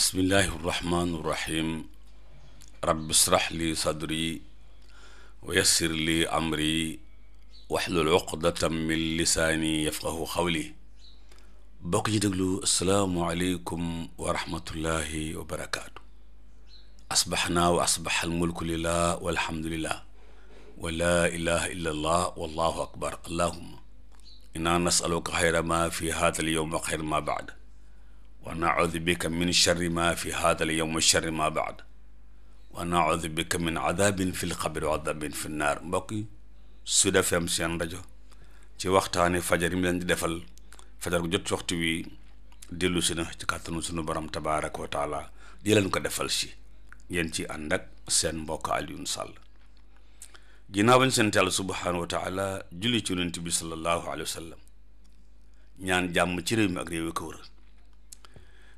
bismillahi irrahmani irrahim rabbi israh li sadri wa yassir li amri waxlul uqdatam min lisaani yafqahu xawli bokk ci déglu asalaamualeykum wa rahmatullahi wa barakaatu asbaxnaa wa asbax almulku lillah walhamdulillah wa laa ilaha illa allah wallahu akbar allahuma inna nasaluka xayra ma fi haata al yowm wa xayra ma baad wa naudu bika min charri ma fi hada al yowm wa ma baad wa naudu bika min adabin fi lxabri wa adabin fi naar mbokk yi Sud FM seen rajo ci waxtaani fajar yi mu di defal fajar gu jot waxtu wi dellu si na ci kàttanu sunu borom tabaaraka wa di leen ko defal si ngeen ci ànd ak seen mbokk Alioune Sall ginnaaw bañ seen teel subhaanahu wa taala julli ci yonent bi sallallahu alayhi wa sallam ñaan jàmm ci réew mi ak réew yi ko wër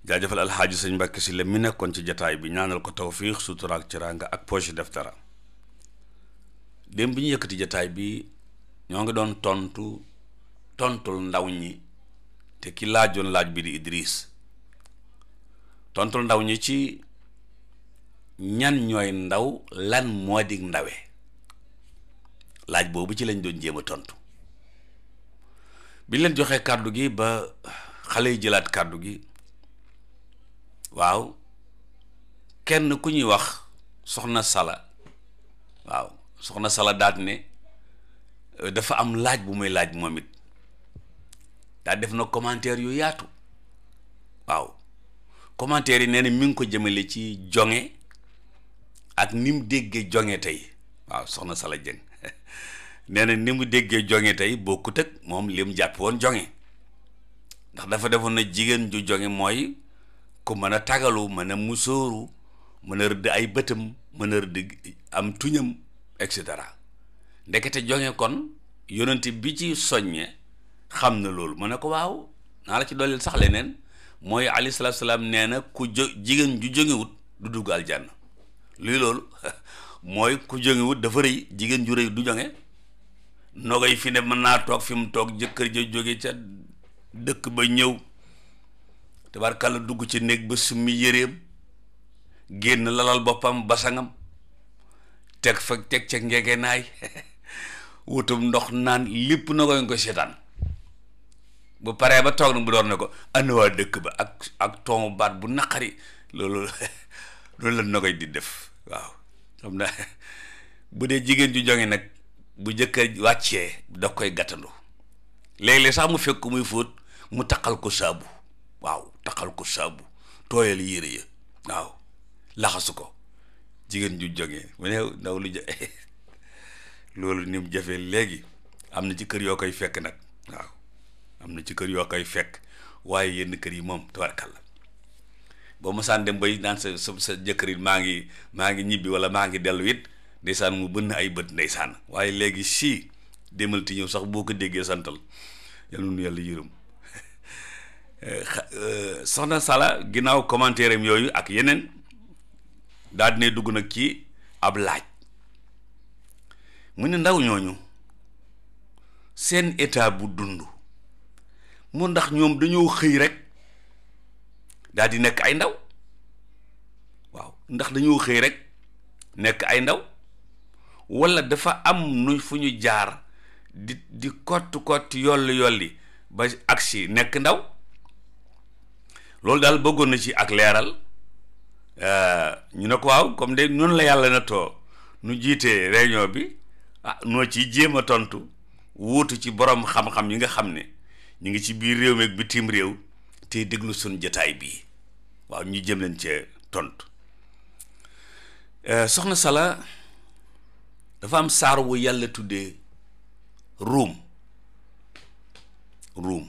jaajëfal alxaaji sëñ Mbàkke si la mi nekkoon ci jataay bi ñaanal ko tawfiix sutura ak ciranga ak poche def dara démb bi ñu yëkkati jataay bi ñoo ngi doon tontu tontul ndaw ñi te ki laajoon laaj bi di Idriss tontul ndaw ñi ci ñan ñooy ndaw lan moo di ndawe laaj boobu ci lañ doon jéem a tontu bi leen joxee kàddu gi ba xale yi jëlaat kàddu gi waaw kenn ku ñuy wax soxna sala waaw soxna sala daat ne euh, dafa am laaj bu muy laaj moom it daa def na commentaire yu yaatu waaw commentaire yi nee na mi ngi ko jëmale ci joŋe ak ni mu déggee jonge tey waaw soxna sala jëng nee na ni mu déggee jonge tey bokkut ak moom li jàpp woon jonge ndax dafa defoon na jigéen ju jonge mooy ku mën a tagalu mën a musóoru mën a rëdd ay bëtam mën a rëdd am tuñam et cetera ndekete jonge kon yonent bi ci soññe xam na loolu mën na ko waaw naa la ci dooleel sax leneen mooy alayhi salaam nee na ku jo jigéen ju jóngewut du dugg aljanna luy loolu mooy ku jóngewut dafa rëy jigéen ju rëy du jonge nogay fi ne mën naa toog fi mu toog jëkkër ja jóge ca dëkk ba ñëw tabarkàlla dugg ci néeg ba summi yéreem génn lalal boppam basangam teg fa teg ca ngegenaay wutum ndox naan lépp na koy ko seetaan bu paree ba toog na bu doon ne ko ana waa dëkk ba ak ak toomu baat bu naqari loolu loolu la na koy di def waaw xam na bu dee jigéen ju jonge nag bu jëkkër wàccee da koy gàttandu léeg-léeg sax mu fekk muy fóot mu taqal ko saabu waaw taxal ko saabu tooyal yére yi waaw laxasu ko jigéen ju jógee mu ndaw lu ja loolu ni mu jafee léegi am na ci kër yoo koy fekk nag waaw am na ci kër yoo koy fekk waaye yenn kër yi moom tabarkalla boo masaan dem bay naan sa sa jëkkër yi maa ngi maa ngi ñibbi wala maa ngi dellu it ndeysaan mu bënn ay bët ndeysaan waaye léegi si demal ti ñëw sax boo ko déggee santal yal na yàlla yërëm soxna Sala ginnaaw commentaire am yooyu ak yeneen daal ne dugg nag ci ab laaj mu ne ndaw ñooñu seen état bu dund mu ndax ñoom dañoo xëy rek daal di nekk ay ndaw waaw ndax dañoo xëy rek nekk ay ndaw walla dafa am nu fu ñu jaar di di kott kott yolli yolli ba agsi nekk ndaw loolu daal bëggoon na ci ak leeral euh, ñu ne ko waaw comme de noonu la yàlla na too nu jiitee réunion bi ah noo ciy jéem a tontu wuutu ci boroom xam-xam yi nga xam ne ñu ngi ci biir réew mi ak bitim réew te déglu suñ jataay bii waaw ñu jëm leen cee tontu euh, soxna Sala dafa am saar wu yàlla tuddee ruum ruum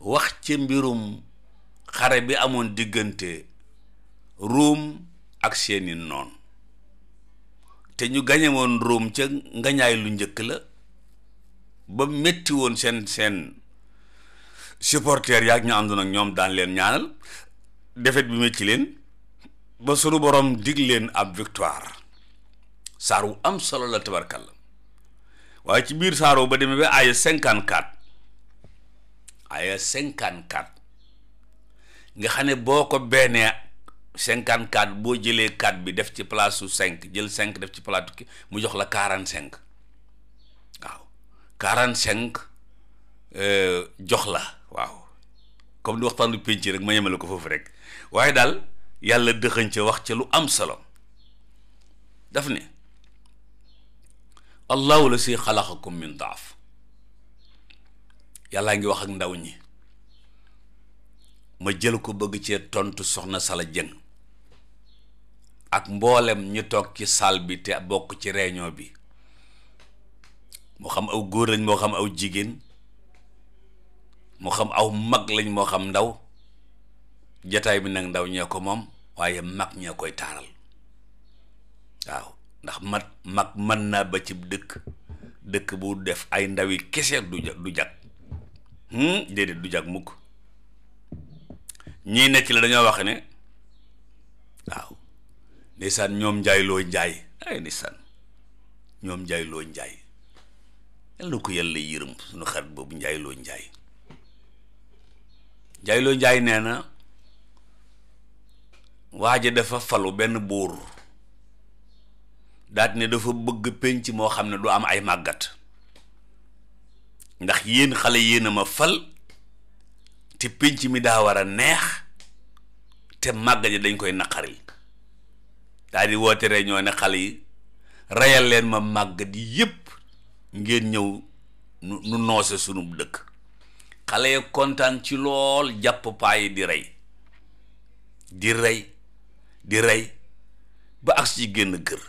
wax ci mbirum xare bi amoon diggante ruum ak seeni noon te ñu gañe woon ruum ca ngañaay lu njëkk la ba metti woon seen seen supporters yaag ñu àndoon ñoom daan leen ñaanal defet bi metti leen ba sunu borom digg leen ab victoire saar wu am solo la tabarkalla waaye ci biir saaroo ba demee ba aaya cinquante quatre aaya cinquante quatre nga xam ne boo ko beenee cinquante quatre boo jëlee quatre bi def ci place su cinq jël cinq def ci place ki mu jox la quarante cinq waaw quarante cinq euh, jox la waaw comme ni waxtaanu pénc rek ma yemale ko foofu rek waaye daal yàlla dëxëñ ca wax ca lu am solo daf ne allahu la si xalaqakum min daaf yàllaa ngi wax ak ndaw ñi ma jël ko bëgg cee tontu soxna Sala Dieng ak mboolem ñu toog ci salle bi te bokk ci réunion bi moo xam aw góor lañ moo xam aw jigéen moo xam aw mag lañ moo xam ndaw jataay bi nag ndaw ñee ko moom waaye mag ñee koy taaral waaw ndax mat mag mën naa ba ci dëkk dëkk bu def ay ndaw yi kese du jag du jag hmm? du jag mukk ñii nekk la dañoo wax ne waaw ndeysaan ñoom njaayloo njaay ay ndeysaan ñoom njaay njaay yàlla na ko yàlla yërëm suñu xarit boobu njaay njaay njaay njaay nee na waaja dafa falu benn buur daat ne dafa bëgg penc moo xam ne du am ay màggat ndax yéen xale yéen ma fal te pénc mi daa war a neex te màgg ji dañ koy naqari daal di woote réunion ne xale yi reyal leen ma màgg di yëpp ngeen ñëw nu noose sunu dëkk xale ya kontaan ci lool jàpp paa yi di rey di rey di rey ba ak ci génn kër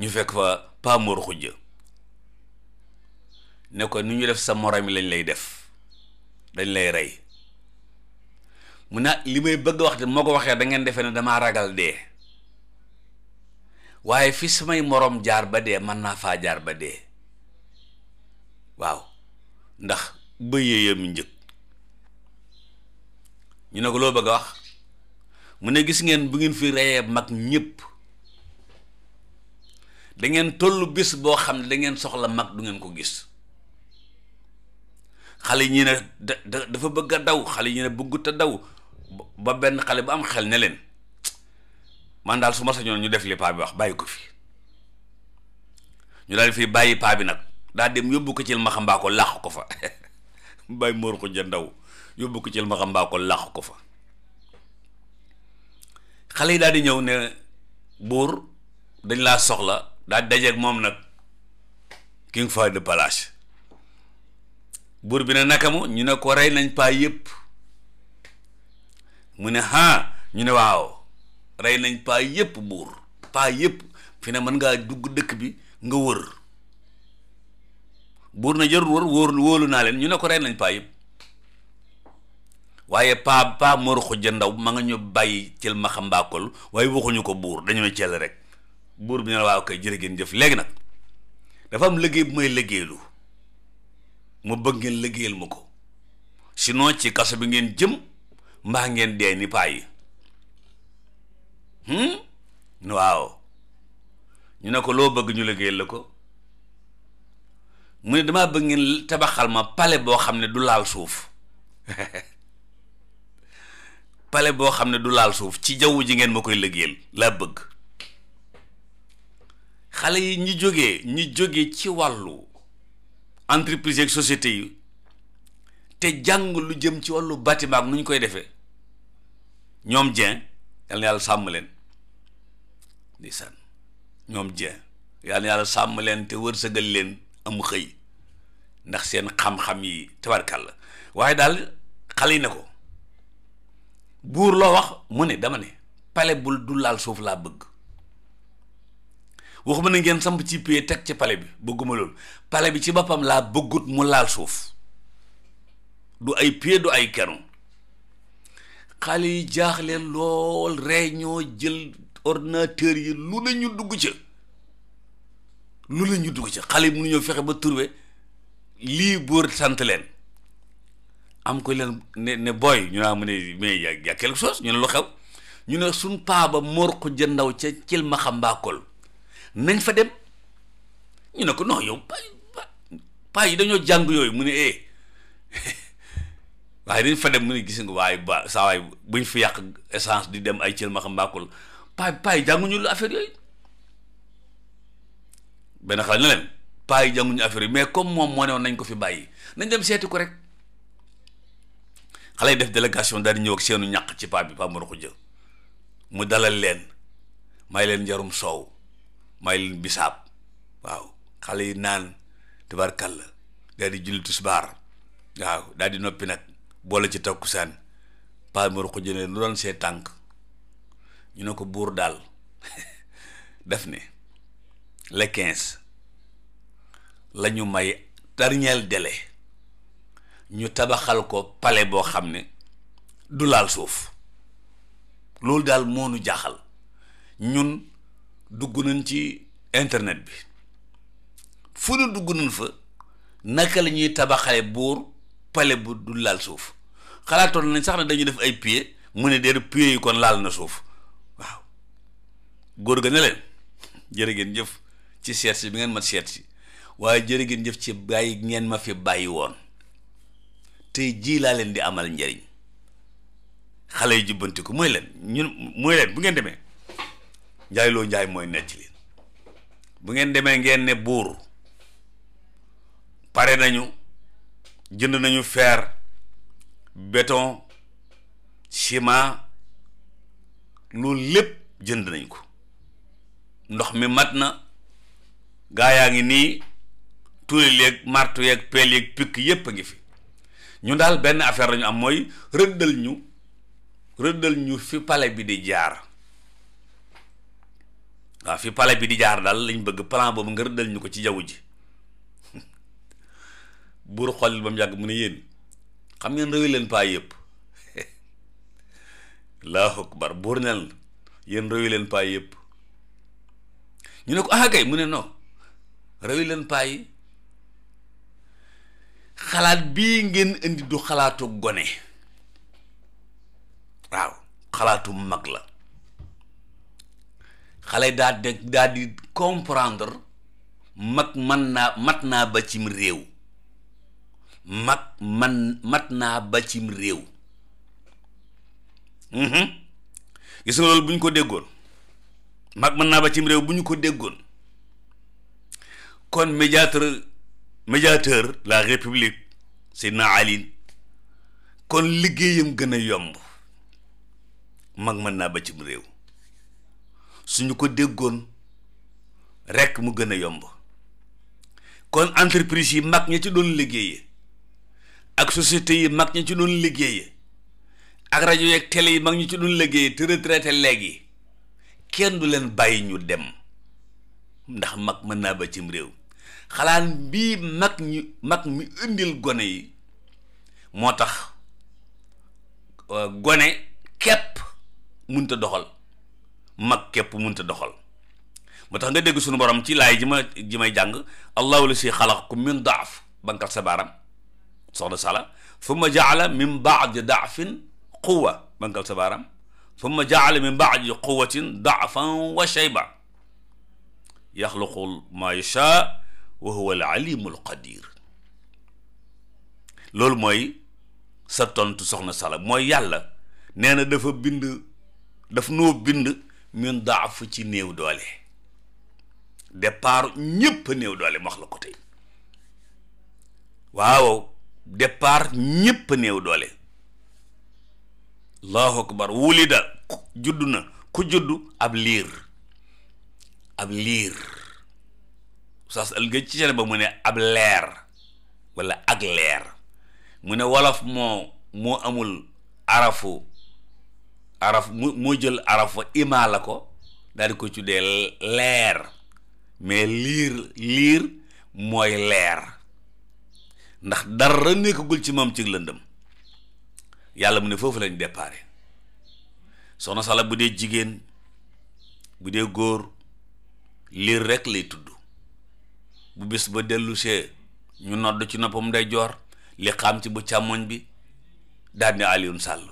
ñu fekk fa paa Mor Xujja ne ko ni ñu def sa morom yi lañ lay def dañ lay rey mu ne li may bëgg wax de moo ko waxee da ngeen defee ne damaa ragal dee waaye fi samay moroom jaar ba dee mën naa faa jaar ba dee waaw ndax bëyeeyam njëg ñu ne ko loo bëgg a wax mu ne gis ngeen bu ngeen fi reyee mag ñépp da ngeen toll bis boo xam ne da ngeen soxla mag du ngeen ko gis xale ñi ne da dafa bëgg a daw xale yi ne bëggut a daw ba benn xale bu am xel ne leen man daal su ma sañoon ñu def li paa bi wax bàyyi ko fi ñu daal fii bàyyi paa bi nag daa dem yóbbu ko ci ma ko làq ko fa bàyyi ko ndaw yóbbu ko ci ma ko fa xale yi daal di ñëw ne buur dañ laa soxla daal dajeeg moom nag king fa de palace buur bi na naka mu ñu ne ko rey nañ paa yëpp mu ne ha ñu ne waaw rey nañ paa yëpp buur paa yëpp fi ne mën ngaa dugg dëkk bi nga wër buur na jarul wër wóor wóolu naa leen ñu ne ko rey nañ paa yëpp waaye paa paa Mor Khoudia Ndaw ma nga ñu bàyyi cël ma xam mbaakol waaye waxuñu ko buur dañoo cel rek buur bi ne la waaw kay jërë ngeen jëf léegi nag dafa am liggéey bu may liggéeylu mu bëgg ngeen liggéeyal ma ko sinon ci kaso bi ngeen jëm mbaa ngeen dee ni paa yi hmm? waaw ñu ne ko loo bëgg ñu liggéeyal la ko mu ne damaa bëgg ngeen tabaxal ma pale boo xam ne du laal suuf pale boo xam ne du laal suuf ci jaww ji ngeen ma koy liggéeyal laa bëgg xale yi ñu jóge ñu jógee ci wàllu entreprise yeeg société yi te jàng lu jëm ci wàllu bâtiment ak nu ñu koy defee ñoom Dieng yal na yàlla sàmm leen ñoom Dieng yal yàlla sàmm leen te wërsëgal leen am xëy ndax seen xam-xam yi tabarkàlla waaye daal xale yi ne ko buur loo wax mu ne dama ne pale bul du laal suuf laa bëgg wax waxuma na ngeen samp ci pie teg ci pale bi bëgguma loolu pale bi ci boppam laa bëggut mu laal suuf du ay pie du ay canon xale yi jaaxle lool réunion jël ordinateur yi lu la ñu dugg ca lu la ñu dugg ca xale yi mënu ñoo fexe ba trouver lii buur sant leen am ko leen ne ne booy ñu naa mu ne mais y a quelque chose ñu ne lu xew ñu ne suñ paa ba morku ndaw ca cil ma mbaakol nañ fa dem ñu ne ko non yow paa yi dañoo jàng yooyu mu ne eh waaye dañ fa dem mu ne gis nga waaye ba saa waay buñ fi yàq essence di dem ay cël ma xam mbàkkul paa paa yi jànguñu lu affaire yooyu benn xale na leen paa yi jànguñu affaire yi mais comme moom moo ne woon nañ ko fi bàyyi nañ dem seeti ko rek xale yi def délégation daal di seenu ñàq ci paa bi paa mu ruxu jë mu dalal leen may leen njarum soow may bisaab waaw xale yi naan tubaarkàlla daal di julli tisbaar waaw daal di noppi nag boole ci takkusaan paa Mor ko jëne lu doon see tànk ñu ne ko buur daal def ne le lañu may dernier dele ñu tabaxal ko pale boo xam ne du laal suuf loolu daal moo nu jaaxal ñun dugg nañ ci internet bi fu nu dugg nañ fa naka la ñuy tabaxale buur pale bu du laal suuf xalaatoon nañ sax ne dañuy def ay pied mu ne déer pied yi kon laal na suuf waaw góor ga ne leen jërë ngeen jëf ci seet si bi ngeen ma seet si waaye jërë ngeen jëf ci bàyyi ngeen ma fi bàyyi woon tey jii laa leen di amal njariñ xale yu jubbantiku ko mooy leen ñun mooy leen bu ngeen demee njaay loo njaay mooy nettali bu ngeen demee ngeen ne buur pare nañu jënd nañu fer béton ciment loolu lépp jënd nañ ko ndox mi mat na gaa yaa ngi nii tuuli yeeg martu yeeg peel yeeg pikk yépp a ngi fi ñu daal benn affaire lañu am mooy rëddal ñu rëddal ñu fi pale bi di jaar waa fi pale bi di jaar daal lañ bëgg plan boobu nga rëddal ñu ko ci jaww ji buur xol ba mu yàgg mu ne yéen xam ngeen réew leen paa yëpp allahu akbar buur nel yéen ñu ne ko ah kay mu ne non réew leen paa xalaat bii ngeen indi du xalaatu gone waaw xalaatu mag la xale daa de daa di comprendre mag man naa mat naa ba cim réew mag man mat naa ba cim réew mhm. gis nga loolu bu ñu ko déggoon mag mën naa ba cim réew bu ñu ko déggoon kon médiateur médiateur la république Seydina Ali kon liggéeyam gën a yomb mag mën naa ba cim réew suñu ko déggoon rekk mu gën a yomb kon entreprise yi mag ñi ci doon liggéey ak société yi mag ñi ci doon liggéeye ak rajo yeeg yi mag ñu ci doon liggéeye te retraité léegi kenn du leen bàyyi ñu dem ndax mag mën naa ba cim réew xalaat bii mag mag mi indil gone yi moo tax euh, gone képp munta doxal mag képp munta doxal moo tax nga dégg sunu borom ci laay ji ma ji may jàng allahu la si xalaqakum min daaf bankal sa baaram soxna sala thumma jaala min baadi daafin quwa bankal sa baaram thumma jaala min baadi quwatin daafan wa shayba yaxluqu ma yasha wa huwa al alimul qadir loolu mooy sa tontu soxna sala mooy yàlla nee na dafa bind daf noo bind min daaf ci néew doole départ ñépp néew doole wax la ko tey waaw départ ñépp néew doole allahu akbar wulida judd na ku juddu ab liir ab liir sas al ci cere ba mu ne ab leer walla ak leer mu ne wolof moo mu amul arafu araf mu moo jël araf fa ima la ko daal di ko tuddee leer mais liir liir mooy leer ndax dara nekkagul ci moom ci lëndëm yàlla mu ne foofu lañ déparé soxna sala bu dee jigéen bu dee góor liir rekk lay tudd bu bis ba dellusee ñu nodd ci noppam day joor li xam ci bu càmmoñ bi daal di Alioune Sall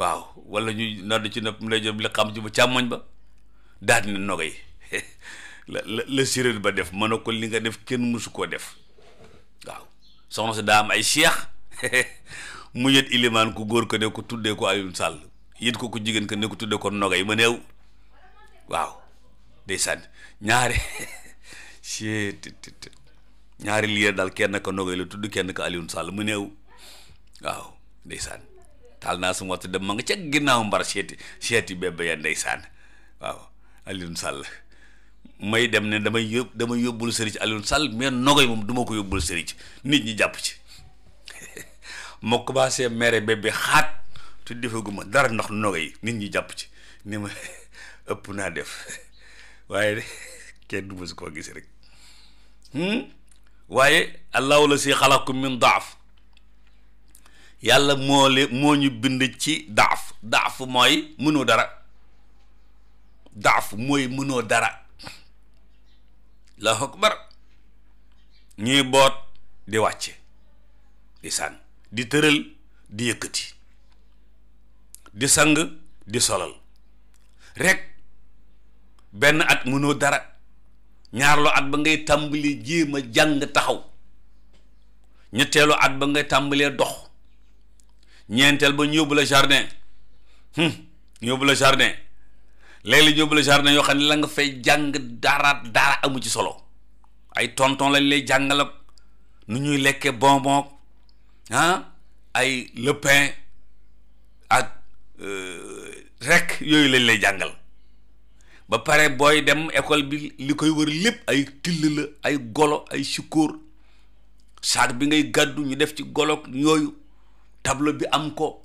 waaw walla ñuy nodd ci nopp ndeyjoor bi li xam ci bu càmmoñ ba daal ne nogo yi la la la ba def mën a ko li nga def kenn mësu koo def waaw soxna si daa am ay cheikh mu yët ilimaan ku góor ko ne ko tuddee ko ayun sàll yët ko ku jigéen ko ne ko tuddee ko nogo yi ma néew waaw day sànni ñaari daal kenn ko nogo yi tudd kenn ko Alioune Sall mu néew taal naa suma waxtu dem ma nga ca ginnaaw mbar seeti seeti bébé ya ndeysaan waaw may dem ne damay damay yóbbul sëriñ Alioune Sall mais nogoy moom ko yóbbul sëriñ nit ñi jàpp ci ma commencé mere bébé xaat nit ñi jàpp ci ni ma naa def waaye koo gis rek hmm? waaye allahu la si xalaqakum min daaf yàlla moo le moo ñu bind ci daaf daaf mooy mënoo dara daaf mooy mënoo dara allahu akbar ñuy boot di wàcce di sànn di tëral di yëkkati di sang di solal rekk benn at mënoo dara ñaarlu at ba ngay tàmbali jéem a jàng taxaw ñetteelu at ba ngay tàmbalee dox ñeenteel ba ñu yóbbu la jardin ñu yóbbu la jardin léeg-léeg yóbbu la jardin yoo xam ne la nga fay jàng dara dara amu ci solo ay tonton lañ lay jàngal ak nu ñuy lekkee bon ah ay le ak euh, rek yooyu lañ lay jàngal ba pare booy dem école bi li koy wër lépp ay till la ay golo ay sikóor saak bi ngay gàddu ñu def ci golo yooyu tableau bi am ko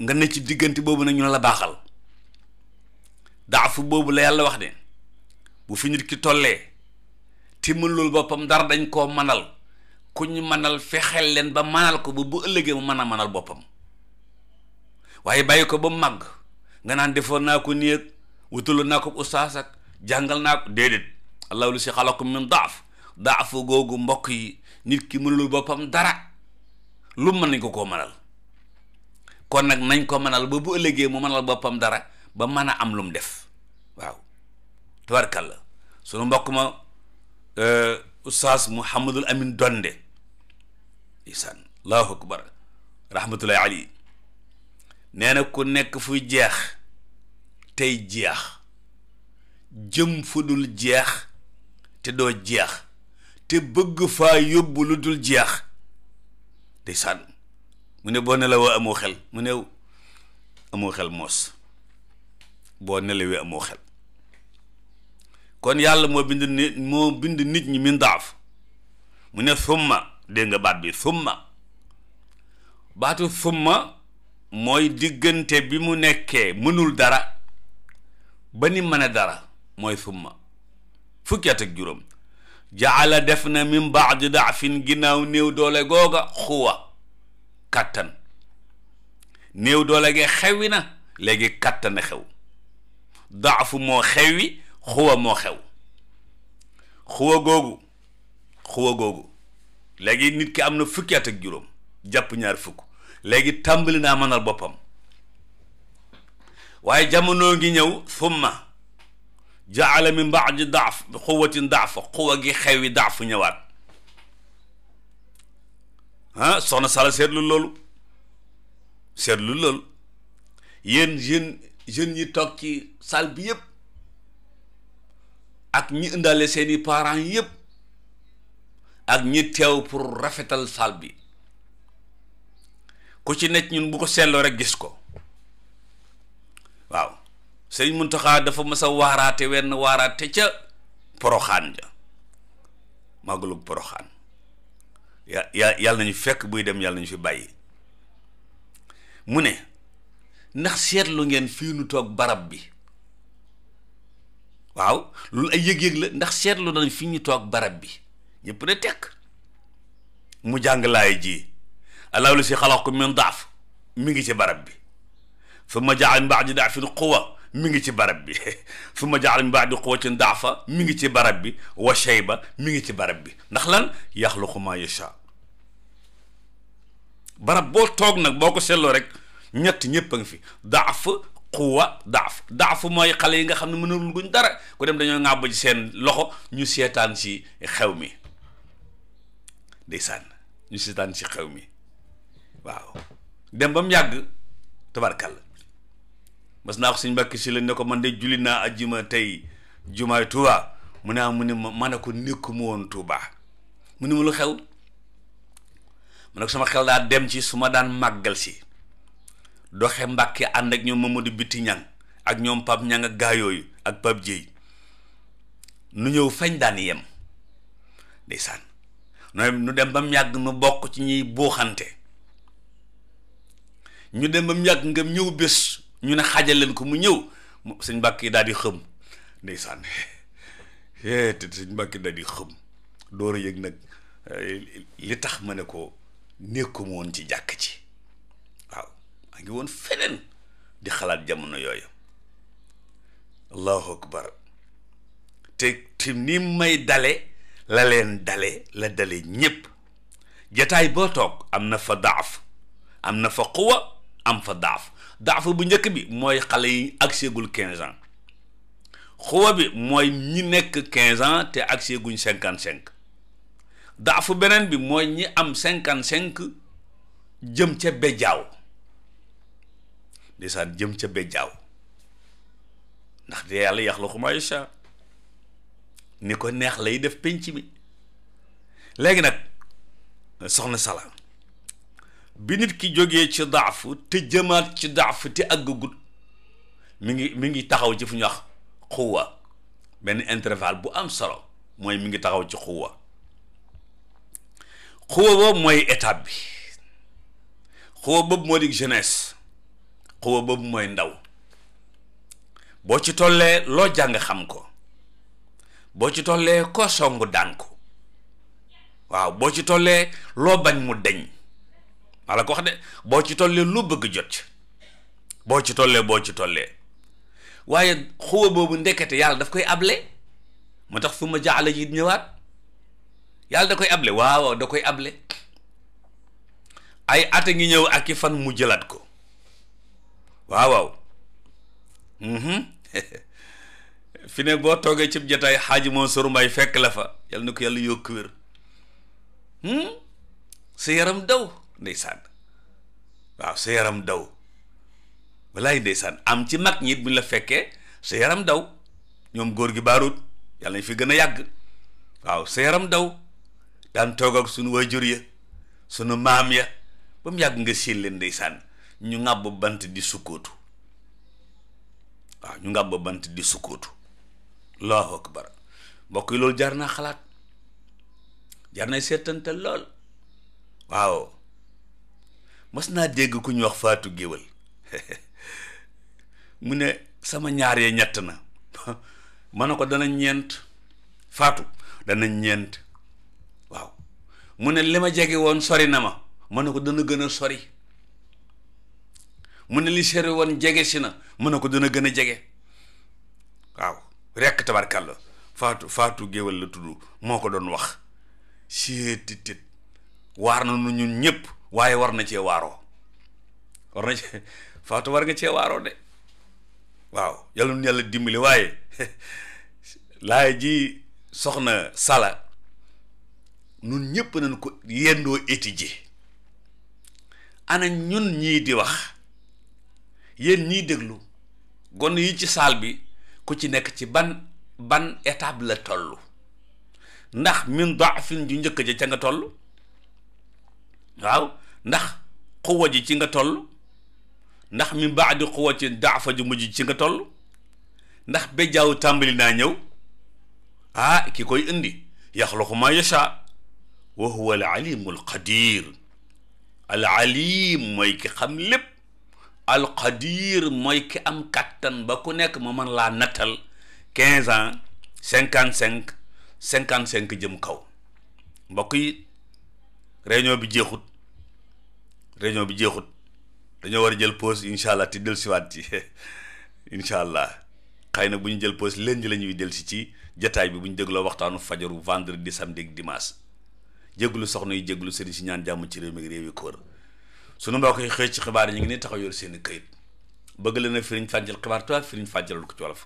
nga ne ci diggante boobu nag ñu la baaxal daafu boobu la yàlla wax ne bu fi nit ki tollee timmul loolu boppam dara dañ koo manal ku ñu manal fexeel leen ba manal ko ba bu ëllëgee mu mën a manal boppam waaye bàyyi ko ba mu màgg nga naan defoon naa ko nii ak wutalu naa ko ustaas ak jàngal naa ko déedéet allahu li si xalakum min daaf googu mbokk yi nit ki mënul boppam dara lu mën nañ ko koo manal kon nag nañ ko mënal ba bu ëllëgee mu mënal boppam dara ba mën a am lu mu def waaw tubarkal la sunu mbokk ma euh, ustaas Mouhamadul Amin Donde isaan allahu akbar rahmatullahi ali nee na ku nekk fu jeex tey jeex jëm fu dul jeex te doo jeex te bëgg faa yóbbu lu dul jeex ndeysaan mu ne boo nelawee amoo xel mu ne amoo xel moos boo nelawee amoo xel kon yàlla moo bind nit moo bind nit ñi min daaf mu ne summa dégg baat bi summa baatu summa mooy diggante bi mu nekkee mënul dara ba ni mën a dara mooy summa fukki at ak juróom jaala def na min baadi daafin ginnaaw néew doole googa xuwa kàttan néew doole gi xewwi na léegi kàttan a xew daafu moo xewwi xuwa moo xew xuwa googu xuwa googu léegi nit ki am na fukki ak juróom jàpp ñaar fukk léegi tàmbali naa mënal boppam waaye jamono ngi ñëw summa jaala min baadi daaf xuwatin daafa xuwa gi xewwi daafu ñëwaat ah soxna Sala seetlu loolu seetlu lool yéen jeunes yi toog ci salle bi yépp ak ñi indaale seeni parent yëpp ak ñi teew pour rafetal salle bi ku ci nekk ñun bu ko seetloo rek gis ko waaw sëñ Muntaxa dafa mësa waaraate wenn waaraate ca poroxaan ja magalug poroxaan ya ya yàlla nañu fekk buy dem yàlla nañu fi bàyyi mu ne ndax seetlu ngeen fii nu toog barab bi waaw loolu ay yëg-yëg la ndax seetlu nañ fi ñu toog barab bi ñëpp ne tekk mu jàng laay ji allahu la si xalaqakum min daaf mu ngi ci barab bi summa jaala min baadi daafin quwa mu ngi ci barab bi summa jaala min baadi quwatin daafa mi ngi ci barab bi wa shayba mi ngi ci barab bi ndax lan yaxluqu ma yasha barab boo toog nag boo ko seetloo rek ñett ñëpp a ngi fi daaf xuwa mooy xale yi nga xam ne mënul guñ dara ku dem dañoo ŋàbb ci seen loxo ñu seetaan si xew mi ndeysaan ñu si xew mi waaw dem ba mu yàgg tabarkàlla mas naa ko suñ mbàkki si la ne ko man de julli naa ajjuma tey jumaay Tuuba mu ne ah, mu ne ma ne ko nekku mu woon Tuuba mu ne ma lu xew nag suma xel daa dem ci suma daan màggal si doxe mbàkki ànd ak ñoom Mamadou Biti Ñang ak ñoom Pape Ñang ak gaa yooyu ak Pape Jéy nu ñëw fañ daan yem ndeysaan nooy nu dem ba mu yàgg nu bokk ci ñuy buuxante ñu dem ba mu yàgg nga ñëw bés ñu ne xaajal leen ko mu ñëw sëñ Mbàkke daal di xëm ndeysaan te sëñ Mbàkke daal di xëm door a yëg nag eh, li tax ma ne ko nekkuma woon ci jàkk ci waaw maa ngi woon feneen di xalaat jamono yooyu allahu akbar te te ni may dale la leen dale la dale ñépp jataay boo toog am na fa daaf am na fa quwa am fa daaf daaf bu njëkk bi mooy xale yi agseegul quinze ans xuwa bi mooy ñi nekk quinze ans te agseeguñ cinquante cinq daafu beneen bi mooy ñi am cinquante cinq jëm ca bejjaaw ndeysaan jëm ca bejjaaw ndax de yàlla yaxluqu maa yashaa ni ko neex lay def penc mi léegi nag soxna sala bi nit ki jógee ci daafu te jëmaat ci daafu te àggagut mi ngi mi ngi taxaw ci fu ñu wax xuwa benn intervalle bu am solo mooy mi ngi taxaw ci xuwa xuwa boobu mooy étape bi xuwa boobu moo di jeunesse xuwa boobu mooy ndaw boo ci tollee loo jàng xam ko boo ci tollee koo songu daan ko waaw boo ci tollee loo bañ mu deñ maa la ko wax de boo ci tollee lu bëgg jot boo ci tollee boo ci tollee waaye xuwa boobu ndekete yàlla daf koy able moo tax fu ma jaxale yi ñëwaat yàlla da koy able waaw da koy able ay at ngi ñëw ak i fan mu jëlaat ko waaw waaw mhm. fi ne boo toogee cib jataay xaaji Mansour Mbaye fekk la fa yàlla na ko yàlla yokk wér hmm? sa yaram daw ndeysaan waaw daw walaay am ci mag ñit bu ñu la fekkee sa yaram daw ñoom góor gi baarut yàlla nañ fi gën a yàgg waaw sa yaram daw daan toog sunu suñu waajur ya sunu maam ya ba mu yàgg nga séen leen ndeysaan ñu ngàbb bant di sukkootu waaw ñu ngàbb bant di sukkootu allahu akbar mbokk yi loolu jaar naa xalaat jaar naa seetante lool waaw mas naa dégg ku ñu wax faatu géwël mu ne sama ñaar yee ñett na ma ne ko dana ñeent faatu dana ñeent mu ne li ma jege woon sori na ma mën na ko dana gën a sori mu ne li sori woon jege si na mën ne ko dana gën a jege waaw rekk tabarkàlla faatu faatu géwél la tudd moo ko doon wax siit tit waar na nu ñun ñëpp waaye war na cee waaro war na cee faatu war nga cee waaroo de waaw yàlla nu yàlla dimbali waaye laay ji soxna sala nun ñëpp nañ ko yendoo étudier ana ñun ñii di wax yéen ñii déglu gone yi ci saal bi ku ci nekk ci ban ban étape la tollu ndax min daafin ju njëkk ja ca nga toll waaw ndax xuwa ji ci nga toll ndax min baadi xuwa ci daafa ju mujj ci nga toll ndax bejjaaw tàmbali naa ñëw ah ki koy indi yaxluqu ma yasha wa huwa al alimu al qadir al alim mooy ki xam lépp al qadir mooy ki am kattan ba ku nekk ma man laa nattal quinze ans cinquante cinq cinquante cinq jëm kaw mbokk yi réunion bi jeexut réunion bi jeexut dañoo war a jël pause incha allah te dellusiwaat ci incha allah xëy na bu ñu jël poose lundi la ñuy dellusi ci jataay bi bu ñu dégloo waxtaanu fajaru vendredi samedi ak dimanche. jégalu soxna yi jégalu sëriñ si ñaan jàmm ci réew mi réew yi ko wër sunu mbokk yi xëy ci xibaar yi ñu ngi ne taxaw yor seen i këyit bëgg leen a firiñ fàjjal xibaar tubaab firiñ fàjjalul ko ci wolof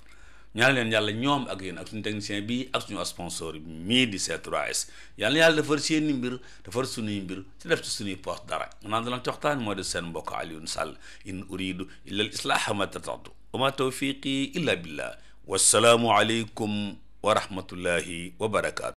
ñaan leen yàlla ñoom ak yéen ak suñu technicien bi ak suñu sponsor mii di c s yàlla yàlla defar seen i mbir defar suñuy mbir ci def ci suñuy poste dara naan dalan coxtaan moo de seen mbokk Alioune Sall in uridu illa al islaha ma tatatu wa ma tawfiqi